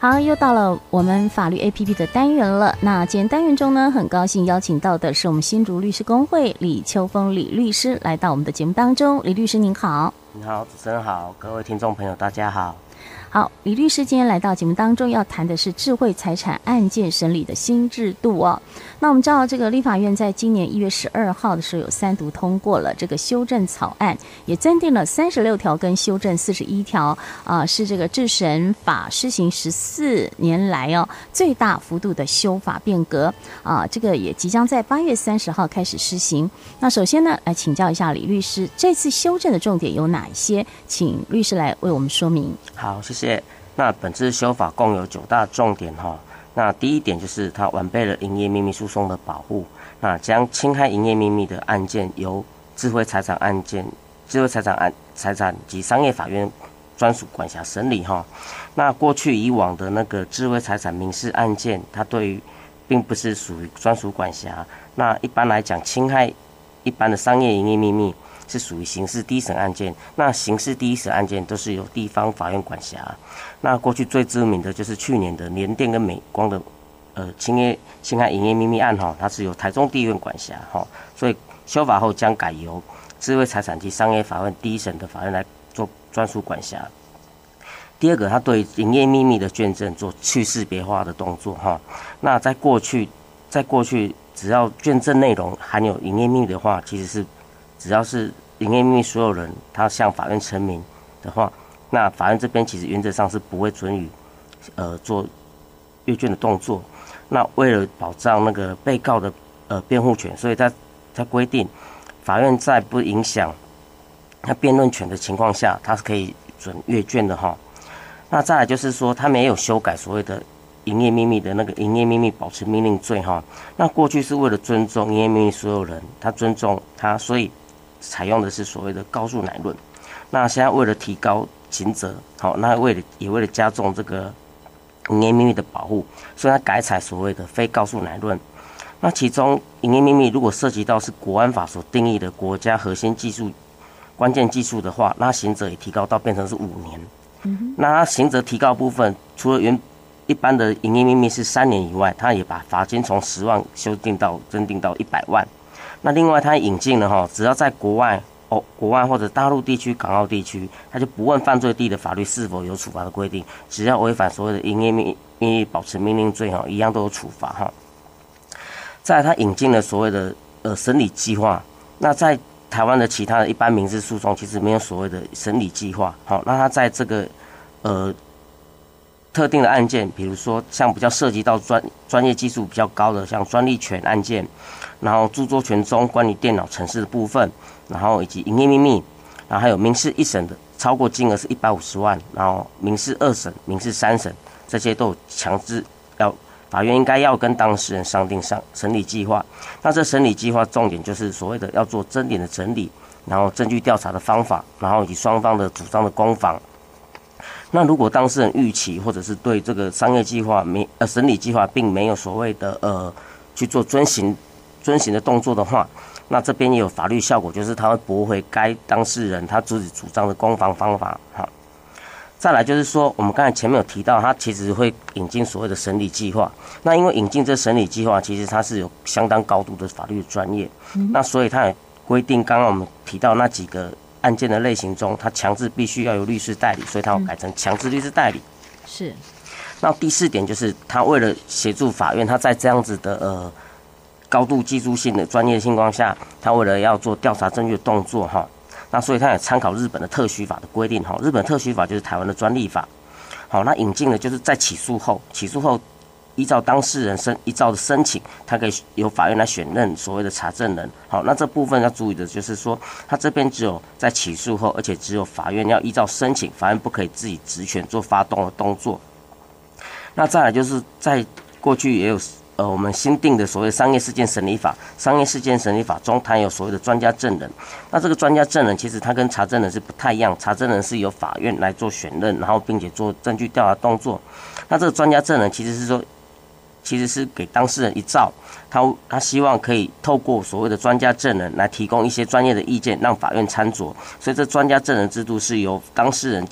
好，又到了我們法律 APP 的單元了。那今天單元中呢，很高興邀請到的是我們新竹律師公會李秋峰李律師來到我們的節目當中。李律師您好，你好，主持人好，各位聽眾朋友大家好。好，李律師今天來到節目當中，要談的是智慧財產案件審理的新制度哦。那我們知道，這個立法院在今年一月十二號的時候有三讀通過了這個修正草案，也增訂了三十六條跟修正四十一條，啊、呃，是這個智審法施行十四年來哦，最大幅度的修法變革啊、呃。這個也即將在八月三十號開始施行。那首先呢，來、呃、請教一下李律師，這次修正的重點有哪些？請律師來為我們說明。好，謝謝。謝，那本次修法共有九大重點哈。那第一點就是它完備了營業秘密訴訟的保護，那將侵害營業秘密的案件由智慧財產案件、智慧財產案、財產及商業法院專屬管轄審理哈。那過去以往的那個智慧財產民事案件，它對於並不是屬於專屬管轄。那一般來講，侵害一般的商業營業秘密。是屬於刑事第一審案件，那刑事第一審案件都是由地方法院管轄啊。那過去最知名的就是去年的聯電跟美光的，呃，侵害侵害營業秘密案哈，它是由台中地院管轄哈。所以修法後將改由智慧財產及商業法院第一審的法院來做專屬管轄。第二個，他對營業秘密的卷證，做去識別化的動作哈。那在過去，在過去只要卷證內容含有營業秘密的話，其實是。只要是營業秘密所有人，他向法院陳明的話，那法院這邊其實原則上是不會准予，呃，做閱卷的動作。那為了保障那個被告的呃辯護權，所以他他規定，法院在不影響他辯論權的情況下，他是可以準閱卷的哈。那再來就是說，他沒有修改所謂的營業秘密的那個營業秘密保持命令罪哈。那過去是為了尊重營業秘密所有人，他尊重他，所以。採用的是所謂的告訴乃論，那現在為了提高刑責，好、哦，那為了也為了加重這個營業秘密的保護，所以他改採所謂的非告訴乃論。那其中營業秘密如果涉及到是國安法所定義的國家核心技術、關鍵技術的話，那刑責也提高到變成是五年。嗯、哼那刑責提高部分，除了原一般的營業秘密是三年以外，他也把罰金從十萬修訂到增訂到一百萬。那另外，他引進了哈，只要在國外哦，國外或者大陸地區、港澳地區，他就不問犯罪地的法律是否有處罰的規定，只要違反所謂的營業秘密、秘密保持命令罪哈，一樣都有處罰哈。再來他引進了所謂的呃審理計劃，那在台灣的其他的一般民事訴訟其實沒有所謂的審理計劃，好，那他在這個呃。特定的案件，比如說像比較涉及到專專業技術比較高的，像專利權案件，然後著作權中關於電腦程式的部分，然後以及營業秘密，然後還有民事一審的超過金額是一百五十萬，然後民事二審、民事三審這些都有強制要法院應該要跟當事人商定上審理計劃。那這審理計劃重點就是所謂的要做爭點的整理，然後證據調查的方法，然後以及雙方的主張的攻防。那如果當事人預期或者是對這個商業計劃沒呃審理計劃，並沒有所謂的呃去做遵循遵循的動作的話，那這邊也有法律效果，就是他會駁回該當事人他自己主張的攻防方法哈。再來就是說，我們剛才前面有提到，他其實會引進所謂的審理計劃。那因為引進這審理計劃，其實它是有相當高度的法律專業，那所以它也規定剛剛我們提到那幾個。案件的類型中，他強制必須要有律師代理，所以他要改成強制律師代理。嗯、是。那第四點就是，他為了協助法院，他在這樣子的呃高度技術性的專業情況下，他為了要做調查證據的動作哈，那所以他也參考日本的特許法的規定哈。日本特許法就是台灣的專利法。好，那引進的就是在起訴後，起訴後。依照當事人申依照的申請，他可以由法院來選任所謂的查證人。好，那這部分要注意的就是說，他這邊只有在起訴後，而且只有法院要依照申請，法院不可以自己職權做發動的動作。那再來就是在過去也有呃，我們新定的所謂商業事件審理法，商業事件審理法中他有所謂的專家證人。那這個專家證人其實他跟查證人是不太一樣，查證人是由法院來做選任，然後並且做證據調查動作。那這個專家證人其實是說。其實是給當事人一造，他他希望可以透過所謂的專家證人來提供一些專業的意見，讓法院參酌。所以這專家證人制度是由當事人，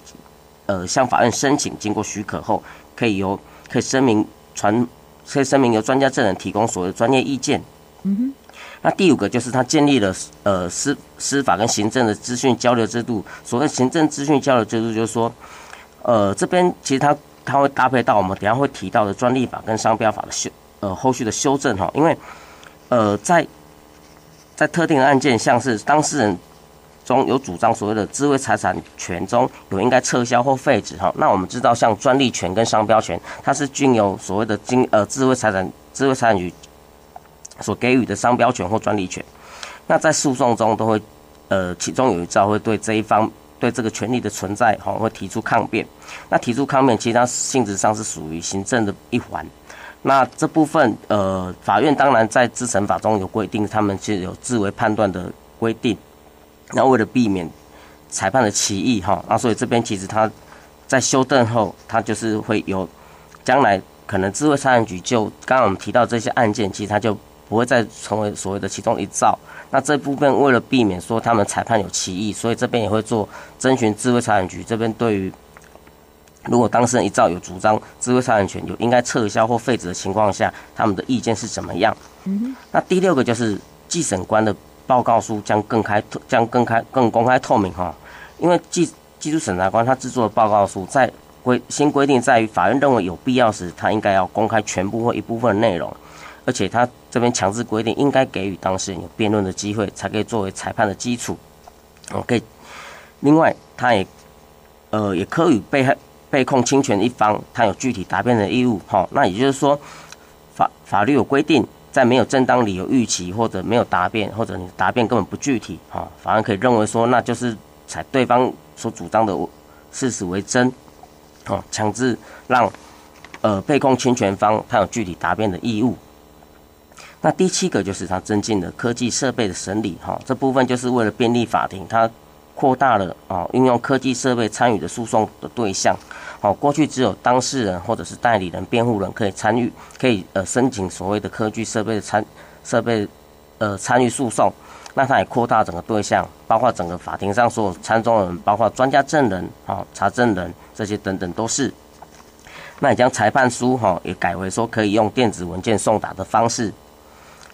呃，向法院申請，經過許可後，可以由可以聲明傳，可以聲明，明由專家證人提供所謂專業意見。嗯哼。那第五個就是他建立了呃司司法跟行政的資訊交流制度。所謂行政資訊交流制度，就是說，呃，這邊其實他。它會搭配到我們等下會提到的專利法跟商標法的修，呃，後續的修正哈。因為，呃，在在特定案件，像是當事人中有主張所謂的智慧財產權中有應該撤銷或廢止哈，那我們知道像專利權跟商標權，它是均有所謂的經呃智慧財產智慧財產局所給予的商標權或專利權，那在訴訟中都會，呃，其中有一招會對這一方。對這個權利的存在，哈，會提出抗辯。那提出抗辯，其實它性質上是屬於行政的一環。那這部分，呃，法院當然在智審法中有規定，他們是有自為判斷的規定。那為了避免裁判的歧義，哈、啊，那所以這邊其實它在修正後，它就是會有將來可能智慧財產局就剛剛我們提到這些案件，其實它就。不會再成為所謂的其中一造。那這部分為了避免說他們裁判有歧義，所以這邊也會做徵詢智慧財產局這邊對於，如果當事人一造有主張智慧財產權有應該撤銷或廢止的情況下，他們的意見是怎麼樣？嗯哼那第六個就是技審官的報告書將更開，將更開更公開透明哈。因為技,技術審查官他制作的報告書在規新規定在於法院認為有必要時，他應該要公開全部或一部分的內容。而且他這邊強制規定，應該給予當事人有辯論的機會，才可以作為裁判的基礎，OK、嗯。另外，他也，呃，也可以被害被控侵權一方，他有具體答辯的義務，哈。那也就是說，法法律有規定，在沒有正當理由逾期，或者沒有答辯，或者你答辯根本不具體，哈，反而可以認為說，那就是採對方所主張的，事實為真，哈，強制讓，呃，被控侵權方他有具體答辯的義務。那第七個就是他增進了科技設備的審理，哈，這部分就是為了便利法庭，它擴大了啊運用科技設備參與的訴訟的對象，哦，過去只有當事人或者是代理人、辯護人可以參與，可以呃申請所謂的科技設備的參設備呃參與訴訟，那它也擴大整個對象，包括整個法庭上所有參眾人，包括專家證人啊、查證人這些等等都是。那也將裁判書哈也改為說可以用電子文件送達的方式。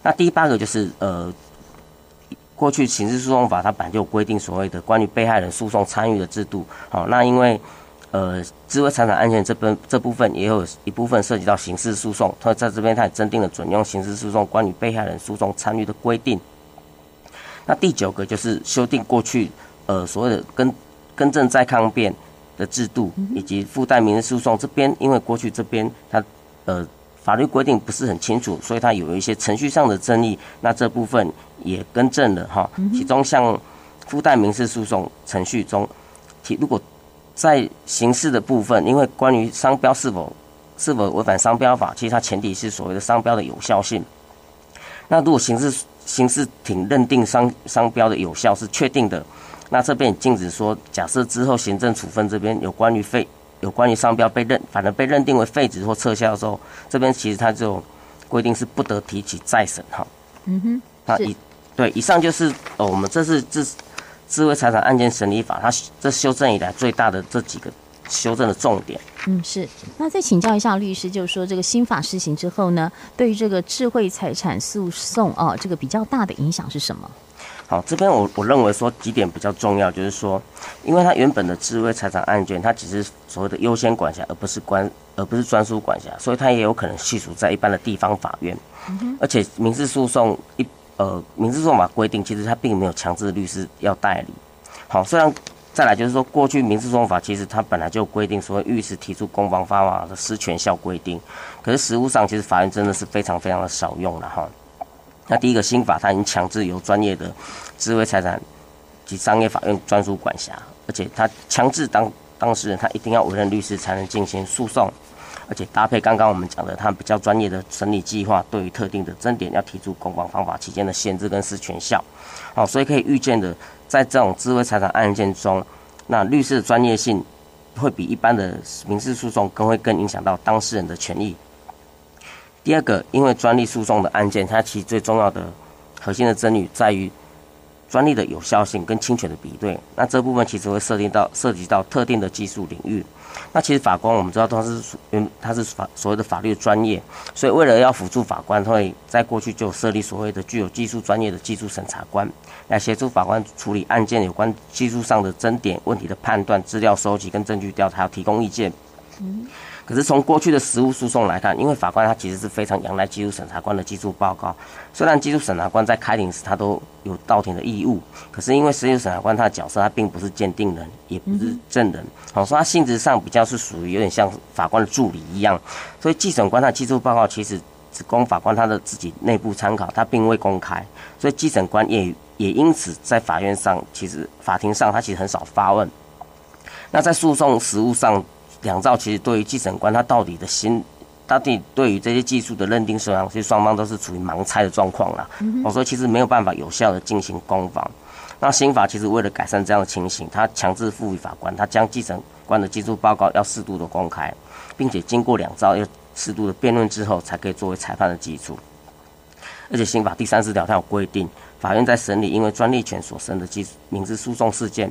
那第八個就是呃，過去刑事訴訟法它本就規定所謂的關於被害人訴訟參與的制度，好、哦，那因為呃，智慧財產案件這邊這部分也有一部分涉及到刑事訴訟，所以在這邊它也增訂了準用刑事訴訟關於被害人訴訟參與的規定。那第九個就是修訂過去呃所謂的更更正再抗辯的制度，以及附帶民事訴訟這邊，因為過去這邊它呃。法律規定不是很清楚，所以它有一些程序上的爭議。那這部分也更正了哈。其中像附帶民事訴訟程序中，提如果在刑事的部分，因為關於商標是否是否違反商標法，其實它前提是所謂的商標的有效性。那如果刑事刑事庭認定商商標的有效是確定的，那這邊也禁止說假設之後行政處分這邊有關於費。有關於商標被認，反正被認定為廢止或撤銷的時候，這邊其實他就規定是不得提起再審哈。嗯哼，那以對以上就是、哦、我們這是這智慧財產案件審理法，它這修正以來最大的這幾個修正的重點。嗯，是。那再請教一下律師就，就是說這個新法施行之後呢，對於這個智慧財產訴訟啊，這個比較大的影響是什麼？好，這邊我我認為說幾點比較重要，就是說，因為他原本的智慧財產案件，它只是所謂的優先管轄，而不是關，而不是專屬管轄，所以他也有可能繫屬在一般的地方法院。而且民事訴訟一呃，民事訴訟法規定，其實他並沒有強制律師要代理。好，雖然再來就是說，過去民事訴訟法其實它本來就規定所謂律師提出攻防方法的失權效規定，可是實務上其實法院真的是非常非常的少用的哈。那第一個新法，它已經強制由專業的智慧財產及商業法院專屬管轄，而且它強制當當事人他一定要委任律師才能進行訴訟，而且搭配剛剛我們講的，它比較專業的審理計劃，對於特定的爭點要提出攻防方法期間的限制跟失權效。好，哦，所以可以預見的，在這種智慧財產案件中，那律師的專業性會比一般的民事訴訟更會更影響到當事人的權益。第二個，因為專利訴訟的案件，它其實最重要的核心的爭議在於專利的有效性跟侵權的比對。那這部分其實會涉及到涉及到特定的技術領域。那其實法官我們知道他是他是法所謂的法律專業，所以為了要輔助法官，會在過去就設立所謂的具有技術專業的技術審查官，來協助法官處理案件有關技術上的爭點問題的判斷、資料收集跟證據調查，要提供意見。嗯。可是從過去的實務訴訟來看，因為法官他其實是非常仰賴技術審查官的技術報告。雖然技術審查官在開庭時他都有到庭的義務，可是因為實際審查官他的角色，他並不是鑑定人，也不是證人，好以、嗯哦、他性質上比較是屬於有點像法官的助理一樣。所以技審官他的技術報告其實只供法官他的自己內部參考，他並未公開。所以技審官也也因此在法院上，其實法庭上他其實很少發問。那在訴訟實務上。兩造其實對於技審官他到底的心，他對對於這些技術的認定是什麼，其實雙方都是處於盲猜的狀況啦。我說其實沒有辦法有效地進行攻防，嗯哼。那新法其實為了改善這樣的情形，他強制賦予法官，他將技審官的技術報告要適度的公開，並且經過兩造要適度的辯論之後，才可以作為裁判的基礎。而且新法第三十條他有規定，法院在審理因為專利權所生的技術民事訴訟事件。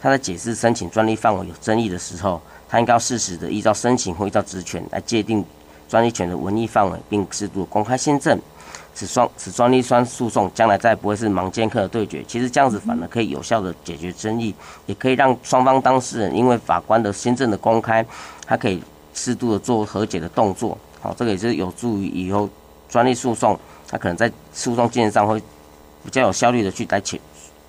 他在解釋申請專利範圍有爭議的時候，他應該要適時的依照申請或依照職權來界定專利權的文義範圍，並適度的公開心證，使雙使專利雙訴訟將來再也不會是盲劍客的對決。其實這樣子反而可以有效的解決爭議，也可以讓雙方當事人因為法官的心證的公開，他可以適度的做和解的動作。好，這個也是有助於以後專利訴訟，他可能在訴訟經濟上會比較有效率的去來解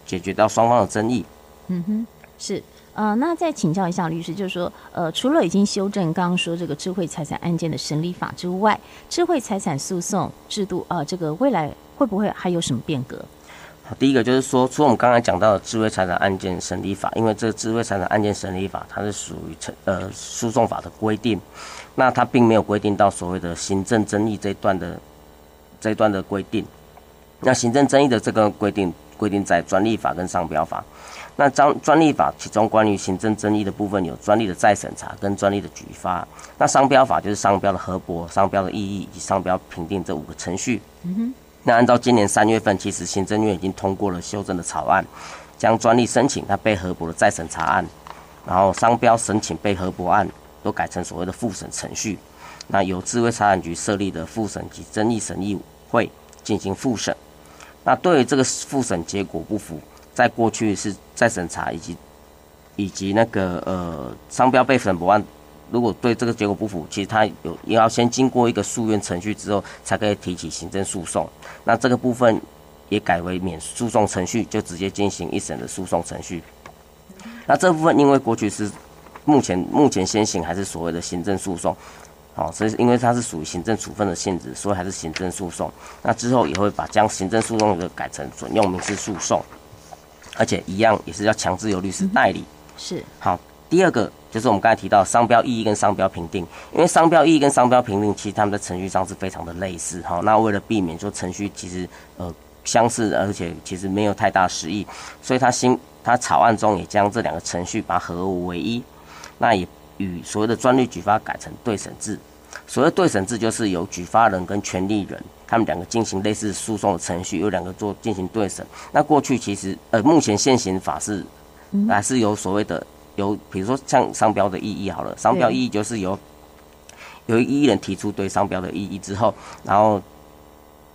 解決到雙方的爭議。嗯哼，是，呃，那再請教一下律師，就是說，呃，除了已經修正剛剛說這個智慧財產案件的審理法之外，智慧財產訴訟制度啊，呃，這個未來會不會還有什麼變革？第一個就是說，除了我們剛才講到的智慧財產案件審理法，因為這個智慧財產案件審理法它是屬於呃訴訟法的規定，那它並沒有規定到所謂的行政爭議這一段的這一段的規定。那行政爭議的這個規定規定在專利法跟商標法。那張專利法其中關於行政爭議的部分有專利的再審查跟專利的舉发。那商標法就是商標的核駁、商標的異議以及商標評定這五個程序嗯哼。嗯那按照今年三月份，其實行政院已經通過了修正的草案，將專利申請它被核駁的再審查案，然後商標申請被核駁案都改成所謂的復審程序。那由智慧財產局設立的復審及爭議審議會進行复審。那對於這個復審結果不服。在過去是再審查以及以及那個呃商標被審駁案，如果對這個結果不服，其實他有也要先經過一個訴願程序之後才可以提起行政訴訟。那這個部分也改為免訴訟程序，就直接進行一審的訴訟程序。那這部分因為過去是目前、目前先行還是所謂的行政訴訟，好，所以因為它是屬於行政處分的性質，所以還是行政訴訟。那之後也會把將行政訴訟的改成準用民事訴訟。而且一樣也是要強制由律師代理，是好。第二個就是我們剛才提到商標異議跟商標評定，因為商標異議跟商標評定，其實他們在程序上是非常的類似。好，那為了避免說程序其實呃相似，而且其實沒有太大實益，所以他新他草案中也將這兩個程序把它合為一，那也與所謂的專利舉發改成對審制。所謂對審制就是由舉發人跟權利人。他們兩個進行類似訴訟的程序，有兩個做進行對審。那過去其實，呃，目前現行法是，嗯，還是有所謂的，有比如說像商標的異議好了，商標異議就是由由異議人提出對商標的異議之後，然後。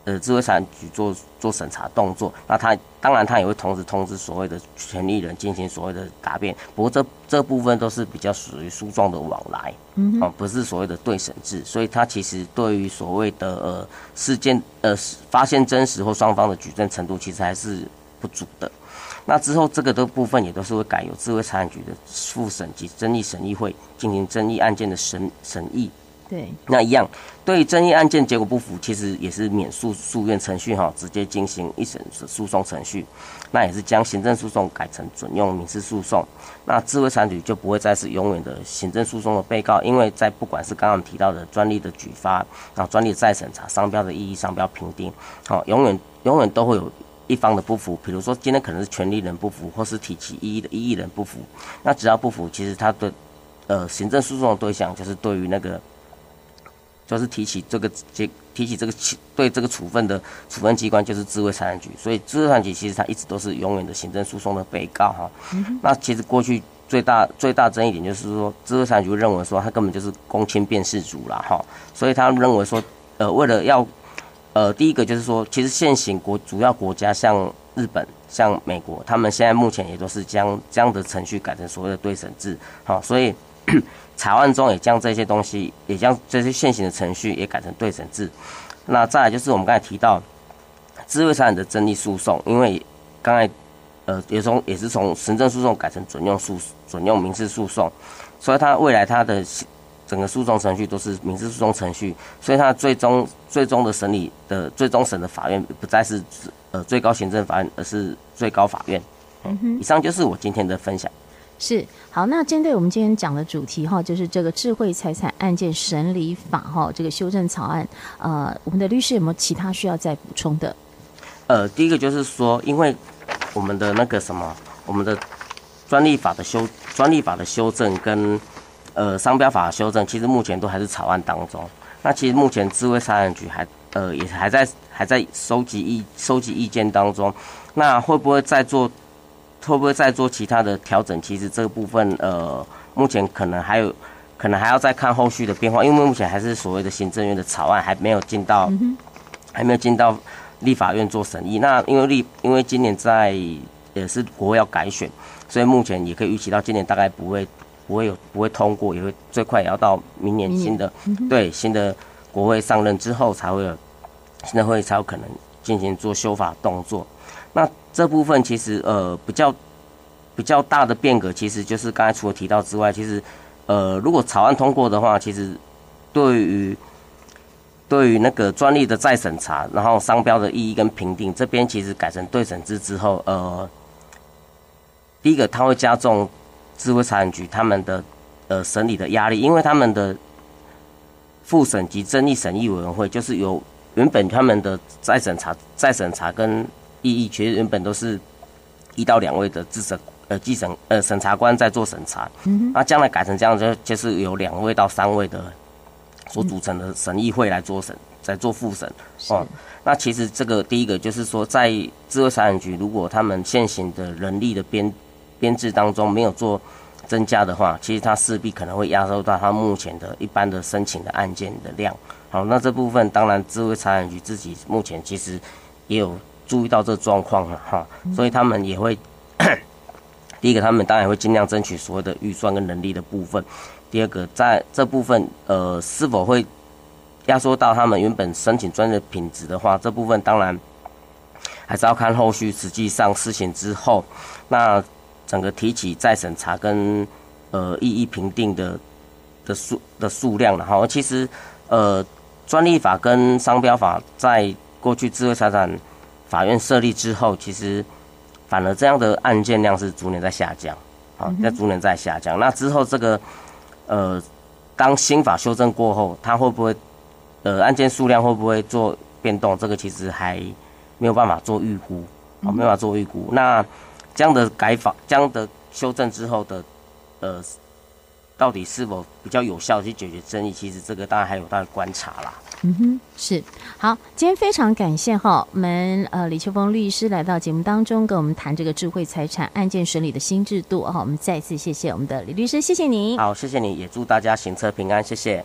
呃，智慧財產局做做審查動作，那他當然他也會同時通知所謂的權利人進行所謂的答辯。不過這這部分都是比較屬於訴狀的往來，嗯哼啊，不是所謂的對審制，所以他其實對於所謂的呃事件呃發現真實或雙方的舉證程度其實還是不足的。那之後這個的部分也都是會改由智慧財產局的複審及爭議審議會進行爭議案件的審審議。對，那一樣，對爭議案件結果不服，其實也是免訴訴願程序哈，直接進行一審訴訟程序。那也是將行政訴訟改成準用民事訴訟。那智慧產權就不會再是永遠的行政訴訟的被告，因為在不管是剛剛提到的專利的舉發啊、專利再審查、商標的異議、商標評定，好，永遠永遠都會有一方的不服。比如說今天可能是權利人不服，或是提起異議的異議人不服。那只要不服，其實他的呃行政訴訟的對象就是對於那個。就是提起這個這，提起這個對這個處分的處分機關就是智慧財產局，所以智慧財產局其實他一直都是永遠的行政訴訟的被告哈。嗯、哼那其實過去最大最大爭議點就是說智慧財產局認為說他根本就是公親變事主啦哈，所以他認為說呃為了要呃，第一個就是說其實現行國主要國家像日本像美國，他們現在目前也都是將這樣的程序改成所謂的對審制哈，所以。草 案中也將這些東西，也將這些現行的程序也改成對審制。那再來就是我們剛才提到智慧財產的爭議訴訟，因為剛才呃也從也是從行政訴訟改成準用訴準用民事訴訟，所以它未來它的整個訴訟程序都是民事訴訟程序，所以它最終最終的審理的最終審的法院不再是呃最高行政法院，而是最高法院。嗯、哼以上就是我今天的分享。是，好，那針對我們今天講的主題哈，就是這個智慧財產案件審理法哈這個修正草案，呃，我們的律師有沒有其他需要再補充的？呃，第一個就是說，因為我們的那個什麼，我們的專利法的修專利法的修正跟呃商標法的修正，其實目前都還是草案當中。那其實目前智慧財產局還呃也還在還在收集意收集意見當中，那會不會再做？會不會再做其他的調整？其實這個部分，呃，目前可能還有，可能還要再看後續的變化，因為目前還是所謂的行政院的草案還沒有進到，還沒有進到，嗯哼，到立法院做審議。那因為立，因為今年在也是國會要改選，所以目前也可以預期到今年大概不會，不會有，不會通過，也會最快也要到明年新的，明年，嗯哼，對新的國會上任之後才會有，新的會才有可能進行做修法動作。那。這部分其實呃比較比較大的變革，其實就是剛才除了提到之外，其實呃如果草案通過的話，其實對於對於那個專利的再審查，然後商標的異議跟評定這邊，其實改成對審制之後，呃，第一個它會加重智慧財產局他們的呃審理的壓力，因為他們的複審及爭議審議委員會就是由原本他們的再審查再審查跟意義其實原本都是一到兩位的自審呃，繼審呃，審查官在做審查，嗯、哼那將來改成這樣，就就是由兩位到三位的所組成的審議會來做審，在、嗯、做複審。哦，是那其實這個第一個就是說，在智慧財產局如果他們現行的人力的編編制當中沒有做增加的話，其實他勢必可能會壓縮到他目前的一般的申請的案件的量。好，那這部分當然智慧財產局自己目前其實也有，注意到這狀況了哈，所以他們也會，第一個，他們當然會盡量爭取所有的預算跟能力的部分；第二個，在這部分，呃，是否會壓縮到他們原本申請專利的品質的話，這部分當然還是要看後續。實際上，施行之後，那整個提起再審查跟呃異議評定的的數的數量了哈。其實，呃，專利法跟商標法在過去智慧財產法院設立之後，其實反而這樣的案件量是逐年在下降，嗯、哼啊，在逐年在下降。那之後這個，呃，當新法修正過後，它會不會，呃，案件數量會不會做變動？這個其實還沒有辦法做預估，啊，沒辦法做預估。嗯、哼那這樣的改法、這樣的修正之後的，呃，到底是否比較有效去解決爭議？其實這個當然還有待觀察啦。嗯哼，是，好，今天非常感謝哈，我們呃李秋峰律師來到節目當中，跟我們談這個智慧財產案件審理的新制度哈，我們再次謝謝我們的李律師，謝謝您，好，謝謝你，也祝大家行車平安，謝謝。